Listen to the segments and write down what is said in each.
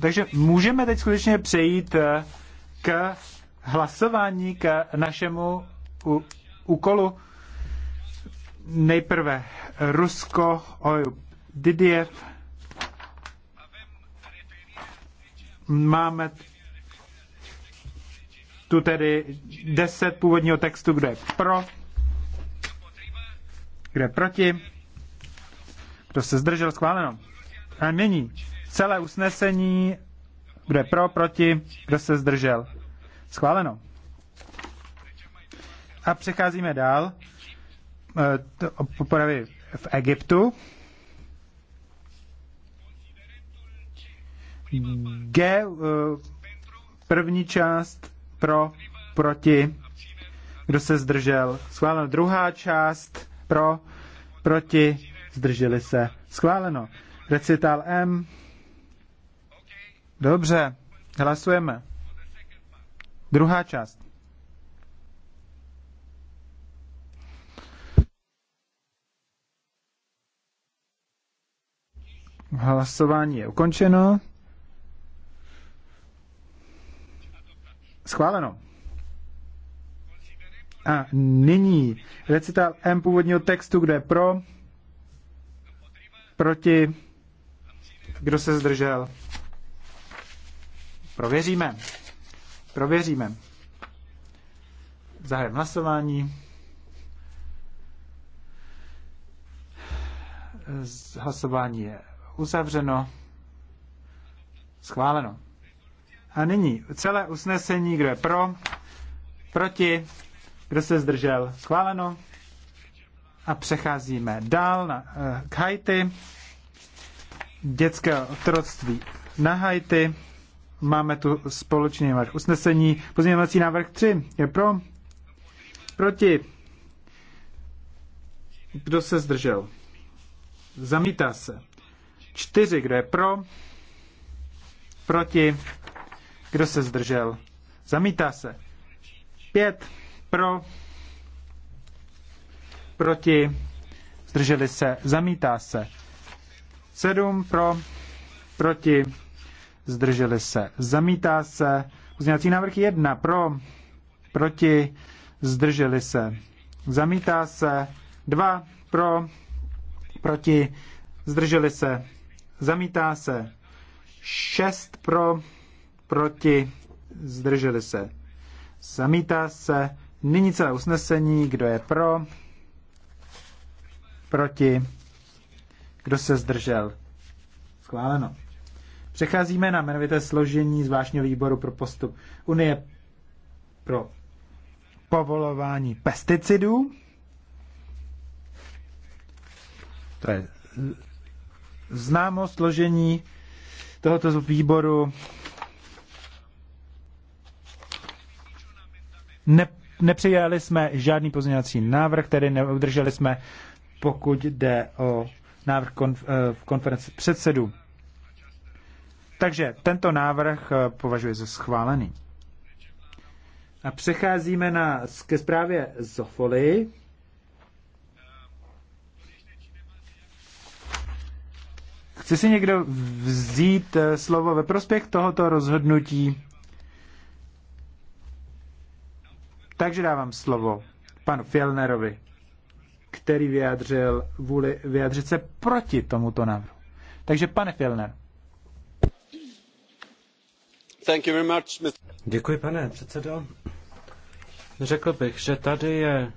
takže můžeme teď skutečně přejít eh, k hlasování, k našemu úkolu. Nejprve Rusko, Ojub Didiev. Máme tu tedy deset původního textu, kde je pro, kde je proti, kdo se zdržel schváleno. A nyní Celé usnesení, kdo je pro, proti, kdo se zdržel. Schváleno. A přecházíme dál. Eh, popravy v Egyptu. G, eh, první část pro, proti, kdo se zdržel. Schváleno. Druhá část pro, proti, zdrželi se. Schváleno. Recital M, Dobře, hlasujeme. Druhá část. Hlasování je ukončeno. Schváleno. A nyní recital M původního textu, kde je pro, proti, kdo se zdržel. Prověříme. Prověříme. Zahajem hlasování. Hlasování je uzavřeno. Schváleno. A nyní celé usnesení, kdo je pro, proti, kdo se zdržel, schváleno. A přecházíme dál na, eh, k Haiti, dětské otroctví na Haiti. Máme tu společně návrh usnesení. Pozměňovací návrh 3 je pro, proti. Kdo se zdržel? Zamítá se. 4, kdo je pro, proti. Kdo se zdržel? Zamítá se. 5 pro, proti, zdrželi se, zamítá se. 7 pro, proti, zdrželi se, zamítá se. Pozměňovací návrh 1 pro, proti, zdrželi se, zamítá se. 2 pro, proti, zdrželi se, zamítá se. 6 pro, proti, zdrželi se, zamítá se. Nyní celé usnesení, kdo je pro, proti, kdo se zdržel. Schváleno. Přecházíme na jmenovité složení zvláštního výboru pro postup Unie pro povolování pesticidů. To je známo složení tohoto výboru. Ne, nepřijali jsme žádný pozměňovací návrh, tedy neudrželi jsme, pokud jde o návrh konf, eh, konference předsedů. Takže tento návrh eh, považuje za schválený. A přecházíme na, ke zprávě Zofoli. Chce si někdo vzít eh, slovo ve prospěch tohoto rozhodnutí? Takže dávám slovo panu Fjellnerovi, který vyjádřil vůli vyjádřit se proti tomuto návrhu. Takže pane Fjellner. Děkuji, pane předsedo. Řekl bych, že tady je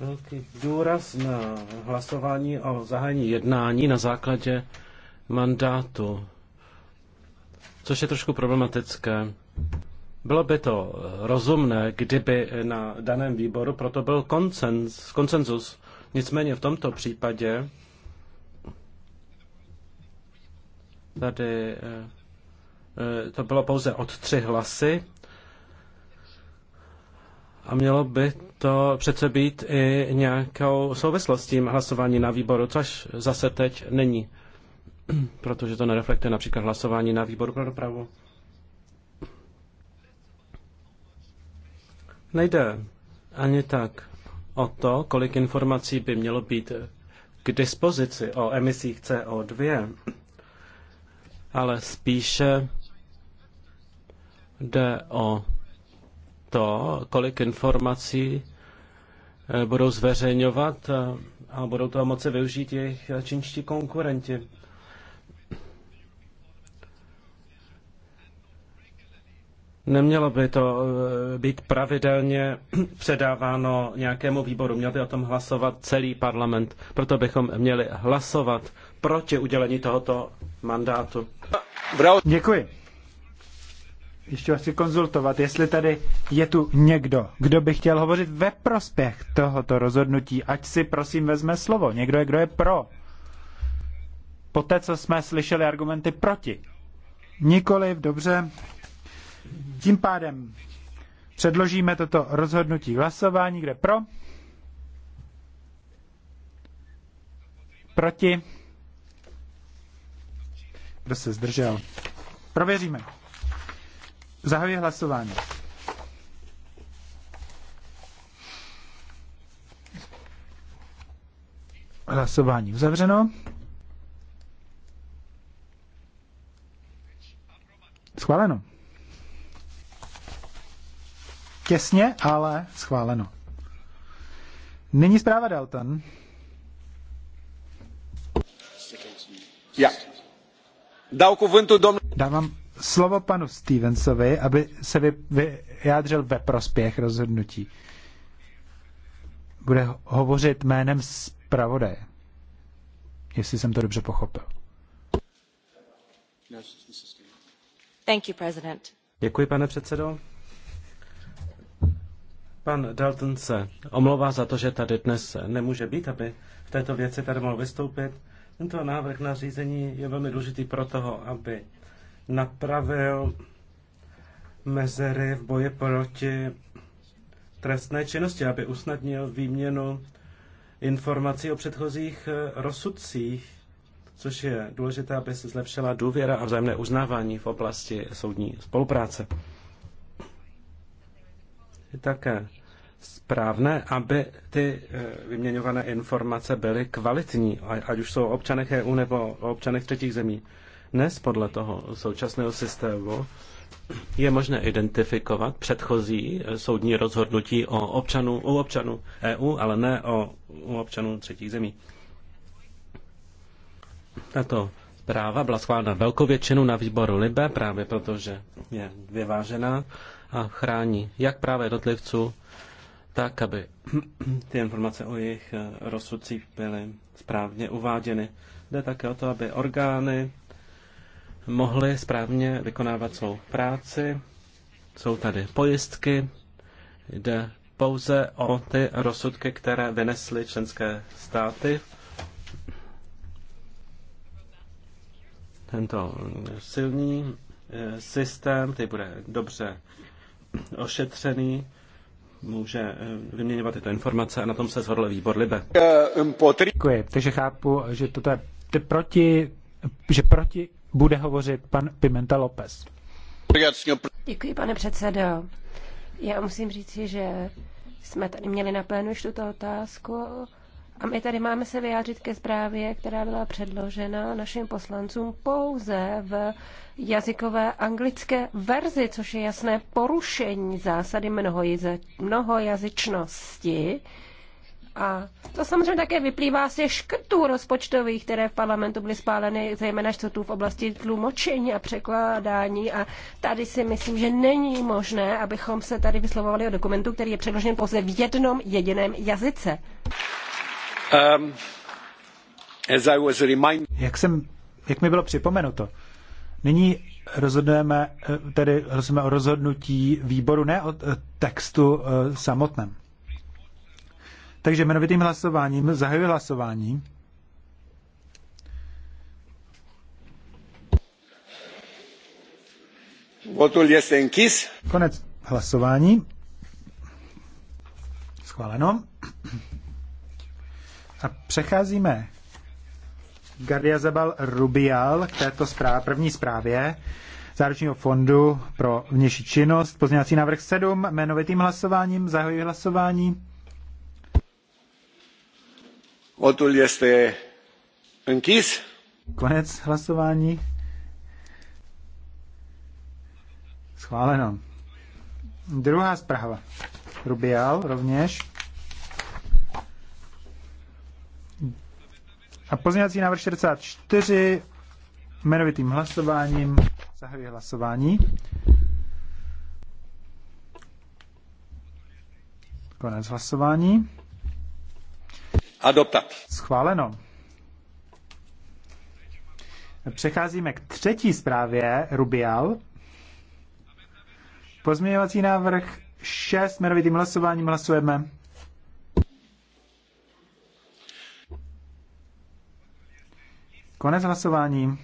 velký důraz na hlasování o zahájení jednání na základě mandátu, což je trošku problematické. Bylo by to rozumné, kdyby na daném výboru proto byl konsenz, konsenzus. Nicméně v tomto případě tady eh, Eh, to bylo pouze od tři hlasy a mělo by to přece být i nějakou souvislost s tím hlasování na výboru, což zase teď není, protože to nereflektuje například hlasování na výboru pro dopravu. Nejde ani tak o to, kolik informací by mělo být k dispozici o emisích CO2, ale spíše Jde o to, kolik informací eh, budou zveřejňovat eh, a budou to moci využít jejich eh, čínští konkurenti. Nemělo by to být pravidelně předáváno nějakému výboru. Měl by o tom hlasovat celý parlament. Proto bychom měli hlasovat proti udělení tohoto mandátu. Děkuji ještě vás chci konzultovat, jestli tady je tu někdo, kdo by chtěl hovořit ve prospěch tohoto rozhodnutí, ať si prosím vezme slovo. Někdo je, kdo je pro. Poté, co jsme slyšeli argumenty proti. Nikoliv, dobře. Tím pádem předložíme toto rozhodnutí hlasování, kde pro, proti, kdo se zdržel. Prověříme. Zahajuji hlasování. Hlasování uzavřeno. Schváleno. Těsně, ale schváleno. Nyní zpráva Dalton. Já. Dal cuvântul domnului. Dávám slovo panu Stevensovi, aby se vy, vyjádřil ve prospěch rozhodnutí. Bude hovořit jménem zpravodaje, jestli jsem to dobře pochopil. Thank you, President. Děkuji, pane předsedo. Pan Dalton se omlouvá za to, že tady dnes nemůže být, aby v této věci tady mohl vystoupit. Tento návrh na řízení je velmi důležitý pro toho, aby napravil mezery v boji proti trestné činnosti, aby usnadnil výměnu informací o předchozích eh, rozsudcích, což je důležité, aby se zlepšila důvěra a vzájemné uznávání v oblasti soudní spolupráce. Je také správné, aby ty eh, vyměňované informace byly kvalitní, ať už jsou o občanech EU nebo o občanech třetích zemí. Dnes podle toho současného systému je možné identifikovat předchozí soudní rozhodnutí o občanů, u občanů EU, ale ne o, u občanů třetích zemí. Tato zpráva byla schválena velkou většinu na výboru Libe, právě protože je vyvážená a chrání jak právě jednotlivců, tak, aby ty informace o jejich rozsudcích byly správně uváděny. Jde také o to, aby orgány mohli správně vykonávat svou práci. Jsou tady pojistky, jde pouze o ty rozsudky, které vynesly členské státy. Tento silný eh, systém, který bude dobře ošetřený, může eh, vyměňovat tyto informace a na tom se zhodl výbor Libe. Eh, Děkuji. Takže chápu, že toto je proti, že proti bude hovořit pan Pimenta López. Děkuji, pane předsedo. Já musím říct, že jsme tady měli na plénu už tuto otázku a my tady máme se vyjádřit ke zprávě, která byla předložena našim poslancům pouze v jazykové anglické verzi, což je jasné porušení zásady mnohojazyčnosti. A to samozřejmě také vyplývá z těch škrtů rozpočtových, které v parlamentu byly spáleny, zejména škrtů v oblasti tlumočení a překládání. A tady si myslím, že není možné, abychom se tady vyslovovali o dokumentu, který je předložen pouze v jednom jediném jazyce. Um, as I was remind... jak, jsem, jak mi bylo připomenuto, Nyní rozhodujeme eh, tedy rozhodujeme o rozhodnutí výboru, ne o eh, textu eh, samotném. Takže jmenovitým hlasováním zahajuji hlasování. Votul este închis. Konec hlasování. Schváleno. A přecházíme Gardia Zabal Rubial k této zpráv, první zprávě Záručního fondu pro vnější činnost. Pozměňovací návrh 7. Jmenovitým hlasováním zahajuji hlasování. Konec hlasování. Schváleno. Druhá zpráva. Rubial rovněž. A pozměňovací návrh 44 jmenovitým hlasováním. zahajuje hlasování. Konec hlasování. Adoptat. Schváleno. Přecházíme k třetí zprávě Rubial. Pozměňovací návrh 6, jmenovitým hlasováním hlasujeme. Konec hlasování.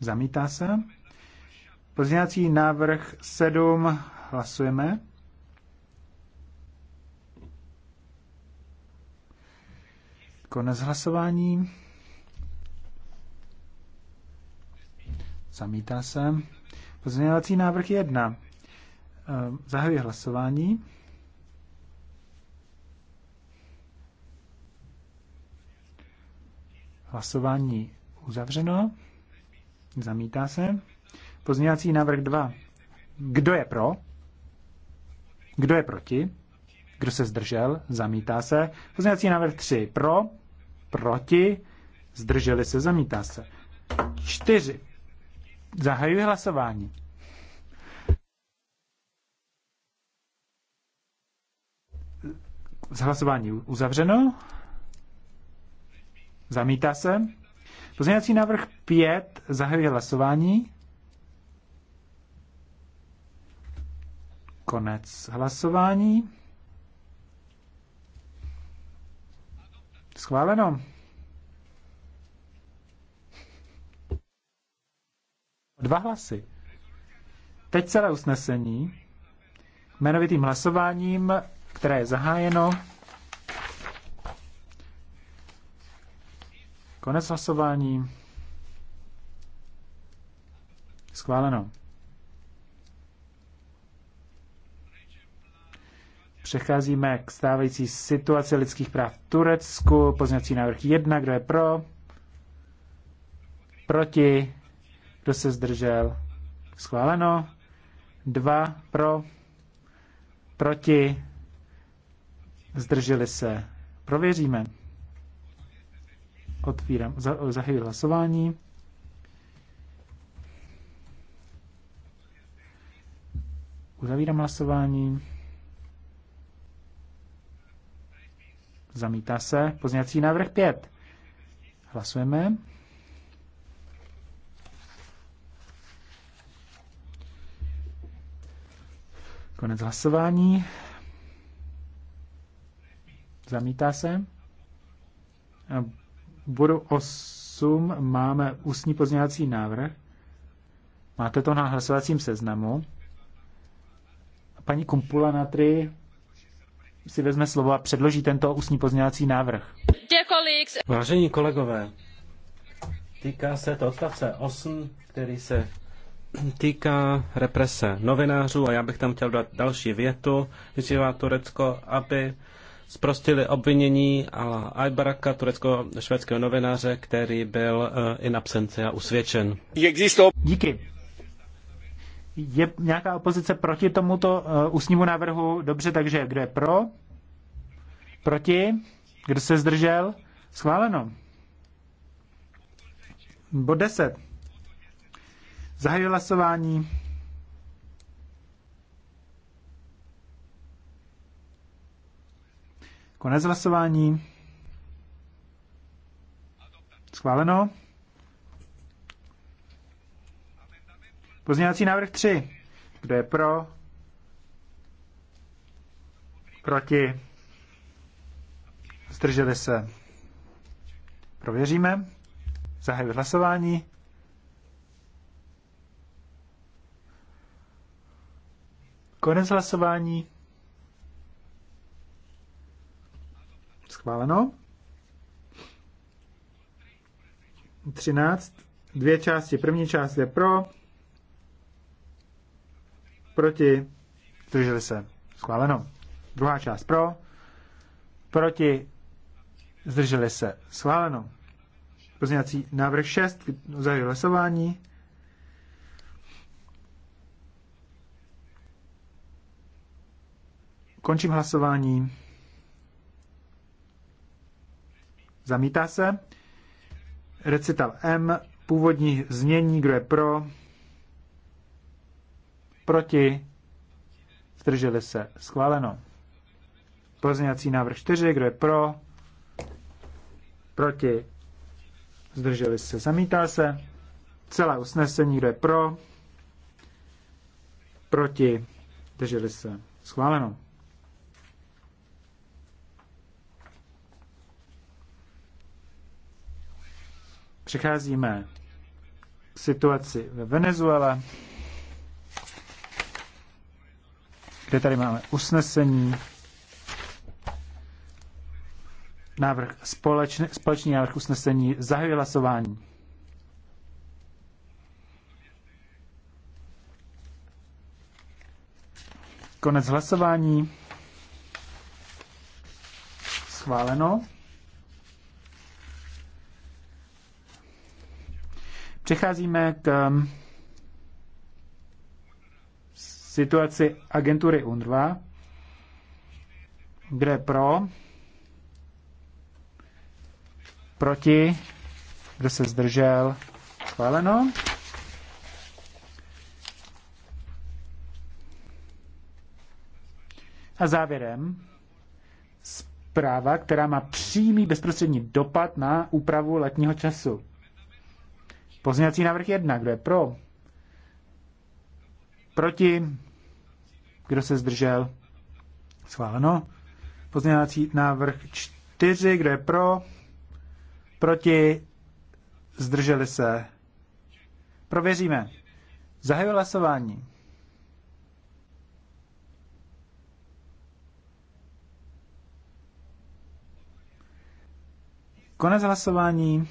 Zamítá se. Pozměňovací návrh 7, hlasujeme. Konec hlasování. Zamítá se. Pozměňovací návrh 1. Eh, zahajuji hlasování. Hlasování uzavřeno. Zamítá se. Pozměňovací návrh 2. Kdo je pro? Kdo je proti? Kdo se zdržel? Zamítá se. Pozměňovací návrh 3. Pro? proti, zdrželi se, zamítá se. Čtyři. Zahajuji hlasování. Z hlasování uzavřeno. Zamítá se. Pozměňovací návrh 5. Zahajuje hlasování. Konec hlasování. Schváleno. Dva hlasy. Teď celé usnesení jmenovitým hlasováním, které je zahájeno. Konec hlasování. Schváleno. Přecházíme k stávající situaci lidských práv v Turecku. Pozněcí návrh 1. Kdo je pro? Proti? Kdo se zdržel? Schváleno. 2. Pro? Proti? Zdrželi se. Prověříme. Otvírám, zahajuji hlasování. Uzavírám hlasování. Zamítá se. Pozněcí návrh 5. Hlasujeme. Konec hlasování. Zamítá se. Bodu 8 máme ústní pozměňovací návrh. Máte to na hlasovacím seznamu. Paní Kumpula na 3 si vezme slovo a předloží tento ústní pozměňovací návrh. Vážení kolegové, týká se to odstavce 8, který se týká represe novinářů a já bych tam chtěl dát další větu. Vyzývá Turecko, aby zprostili obvinění Ala Aybaraka, turecko-švédského novináře, který byl eh, in a usvědčen. Díky je nějaká opozice proti tomuto eh, ústnímu návrhu? Dobře, takže kdo je pro? Proti? Kdo se zdržel? Schváleno. Bod 10. Zahajuji hlasování. Konec hlasování. Schváleno. Pozměňovací návrh 3. Kdo je pro? Proti? Zdrželi se? Prověříme. Zahajuji hlasování. Konec hlasování. Schváleno. 13. Dvě části. První část je pro, proti, zdrželi se, schváleno. Druhá část pro, proti, zdrželi se, schváleno. Pozměňovací návrh 6, zahajuji hlasování. Končím hlasování. Zamítá se. Recital M, původní znění, kdo je pro, Proti? Zdrželi se. Schváleno. Pozměňovací návrh 4. Kdo je pro? Proti? Zdrželi se. Zamítá se. Celé usnesení. Kdo je pro? Proti? Zdrželi se. Schváleno. Přecházíme k situaci ve Venezuele. kde tady máme usnesení, návrh společný, společný návrh usnesení, zahajuje hlasování. Konec hlasování. Schváleno. Přecházíme k situaci agentury UNRWA. Kde pro? Proti? Kdo se zdržel? Schváleno. A závěrem zpráva, která má přímý bezprostřední dopad na úpravu letního času. Pozměňovací návrh 1. Kdo je pro? Proti? Kdo se zdržel? Schváleno. Pozměňovací návrh 4. Kdo je pro? Proti? Zdrželi se? Prověříme. Zahajuji hlasování. Konec hlasování.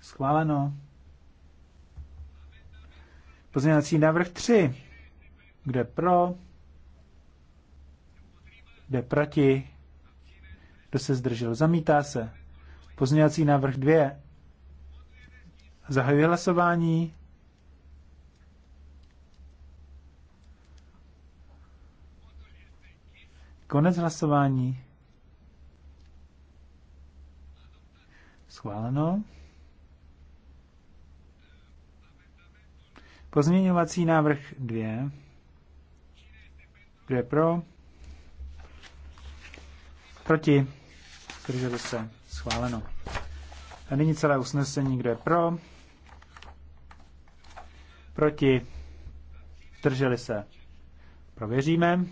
Schváleno. Pozměňovací návrh 3. Kde pro? Kde proti? Kdo se zdržel? Zamítá se. Pozměňovací návrh 2. Zahajuji hlasování. Konec hlasování. Schváleno. Pozměňovací návrh 2. Kdo je pro? Proti? Zdrželi se. Schváleno. A nyní celé usnesení, kdo je pro? Proti? Zdrželi se. Prověříme.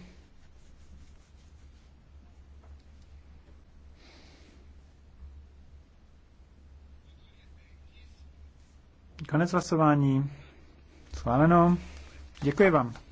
Konec hlasování. Schváleno. Děkuji vám.